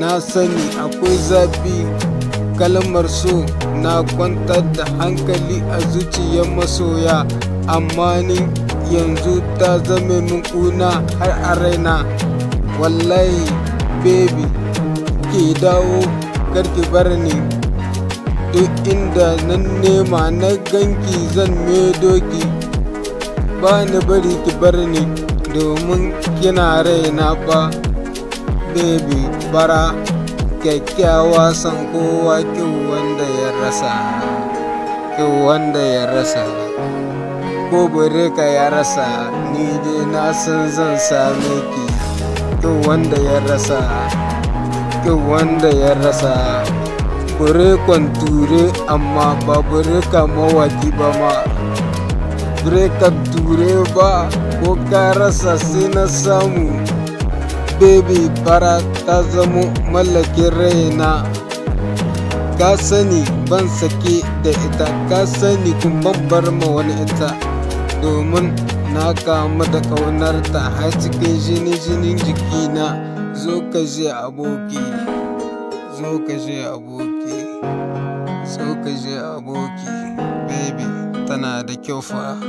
na sani akwai zafi kalmar so na kwantar da hankali a zuciyar masoya amma ni yanzu ta zama min kuna har a raina wallahi baby ke dawo karki bar ni duk inda nan nema na ganki zan doki ba ni bari ki bar ni domin kina raina ba. baby bara kyakkyawa san kowa kyau wanda ya rasa kyau wanda ya rasa ko ka ya rasa ni dai na san zan same ki kyau wanda ya rasa kyau wanda ya rasa kon ture amma ba bare ka mawaki ba ma bare ka ture ba ko ka rasa sai na samu baby bara ta zamo mallakin raina ka sani ban sake da ita ka sani kuma bar ma wani ita domin na kama da ta har cikin jini jinin jikina zo ka je aboki zo ka je aboki zo ka je aboki baby tana da kyau fa